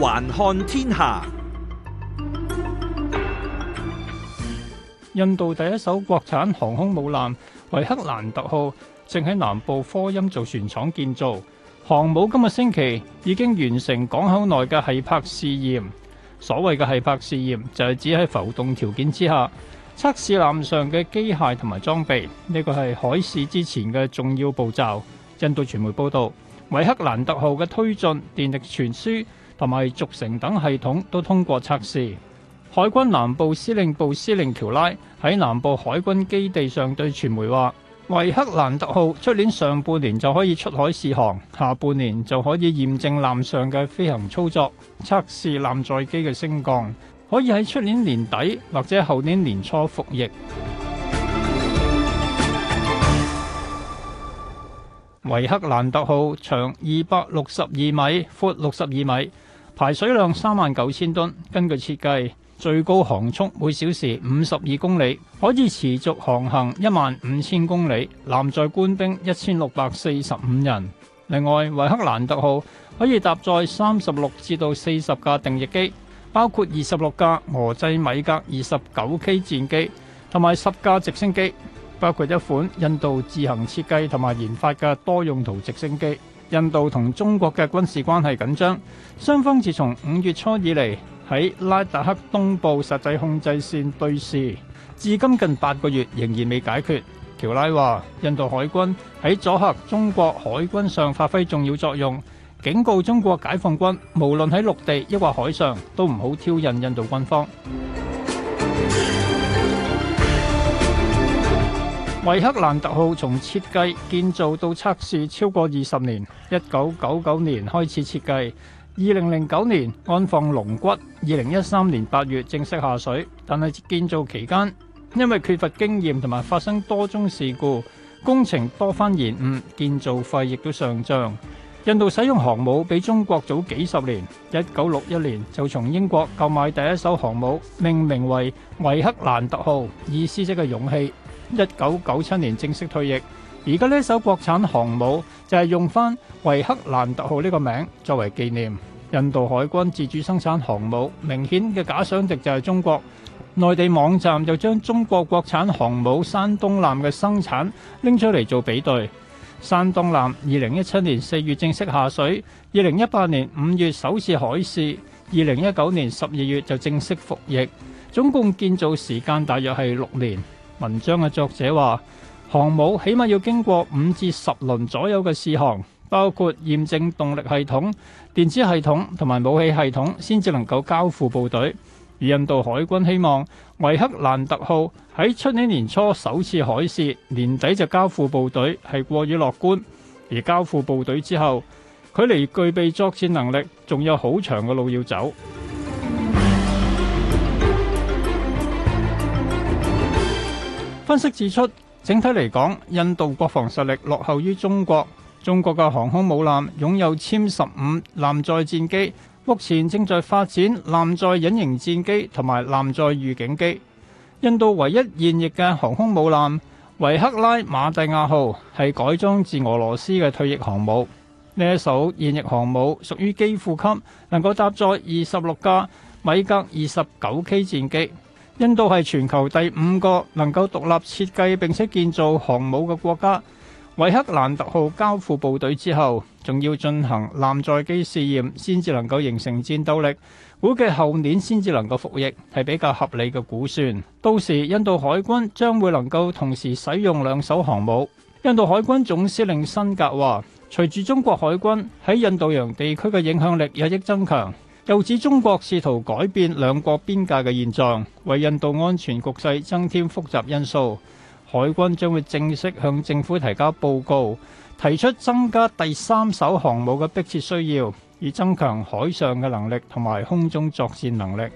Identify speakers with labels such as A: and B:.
A: 環看天下，印度第一艘國產航空母艦維克蘭特號正喺南部科欽造船廠建造。航母今日星期已經完成港口內嘅繫泊試驗。所謂嘅繫泊試驗就係指喺浮動條件之下測試艦上嘅機械同埋裝備。呢個係海試之前嘅重要步驟。印度傳媒報道，維克蘭特號嘅推進電力傳輸。同埋，軸承等系統都通過測試。海軍南部司令部司令喬拉喺南部海軍基地上對傳媒話：維克蘭特號出年上半年就可以出海試航，下半年就可以驗證艦上嘅飛行操作。測試艦載機嘅升降，可以喺出年年底或者後年年初服役。維克蘭特號長二百六十二米，闊六十二米。排水量三萬九千噸，根據設計，最高航速每小時五十二公里，可以持續航行一萬五千公里，艦載官兵一千六百四十五人。另外，維克蘭特號可以搭載三十六至到四十架定翼機，包括二十六架俄製米格二十九 K 戰機，同埋十架直升機，包括一款印度自行設計同埋研發嘅多用途直升機。印度同中國嘅軍事關係緊張，雙方自從五月初以嚟喺拉達克東部實際控制線對峙，至今近八個月仍然未解決。喬拉話：印度海軍喺阻嚇中國海軍上發揮重要作用，警告中國解放軍，無論喺陸地抑或海上都唔好挑釁印度軍方。維克蘭特號從設計、建造到測試超過二十年，一九九九年開始設計，二零零九年安放龍骨，二零一三年八月正式下水。但係建造期間，因為缺乏經驗同埋發生多宗事故，工程多番延誤，建造費亦都上漲。印度使用航母比中國早幾十年，一九六一年就從英國購買第一艘航母，命名為維克蘭特號，以獅子嘅勇氣。一九九七年正式退役，而家呢艘國產航母就係用翻維克蘭特號呢個名作為紀念。印度海軍自主生產航母，明顯嘅假想敵就係中國。內地網站就將中國國產航母山東艦嘅生產拎出嚟做比對。山東艦二零一七年四月正式下水，二零一八年五月首次海試，二零一九年十二月就正式服役，總共建造時間大約係六年。文章嘅作者話，航母起碼要經過五至十輪左右嘅試航，包括驗證動力系統、電子系統同埋武器系統先至能夠交付部隊。而印度海軍希望維克蘭特號喺出年年初首次海試，年底就交付部隊係過於樂觀，而交付部隊之後，距離具備作戰能力，仲有好長嘅路要走。分析指出，整體嚟講印度國防實力落後於中國，中國嘅航空母艦擁有殲十五艦載戰機，目前正在發展艦載隱形戰機同埋艦載預警機，印度唯一現役嘅航空母艦維克拉瑪蒂亞號係改裝自俄羅斯嘅退役航母。呢一艘現役航母屬於基輔級，能夠搭載二十六架米格二十九 K 戰機。印度係全球第五個能夠獨立設計並且建造航母嘅國家。維克蘭特號交付部隊之後，仲要進行艦載機試驗，先至能夠形成戰鬥力。估計後年先至能夠服役，係比較合理嘅估算。到時印度海軍將會能夠同時使用兩艘航母。印度海軍總司令辛格話，隨住中國海軍喺印度洋地區嘅影響力日益增強。又指中國試圖改變兩國邊界嘅現狀，為印度安全局勢增添複雜因素。海軍將會正式向政府提交報告，提出增加第三艘航母嘅迫切需要，以增強海上嘅能力同埋空中作戰能力。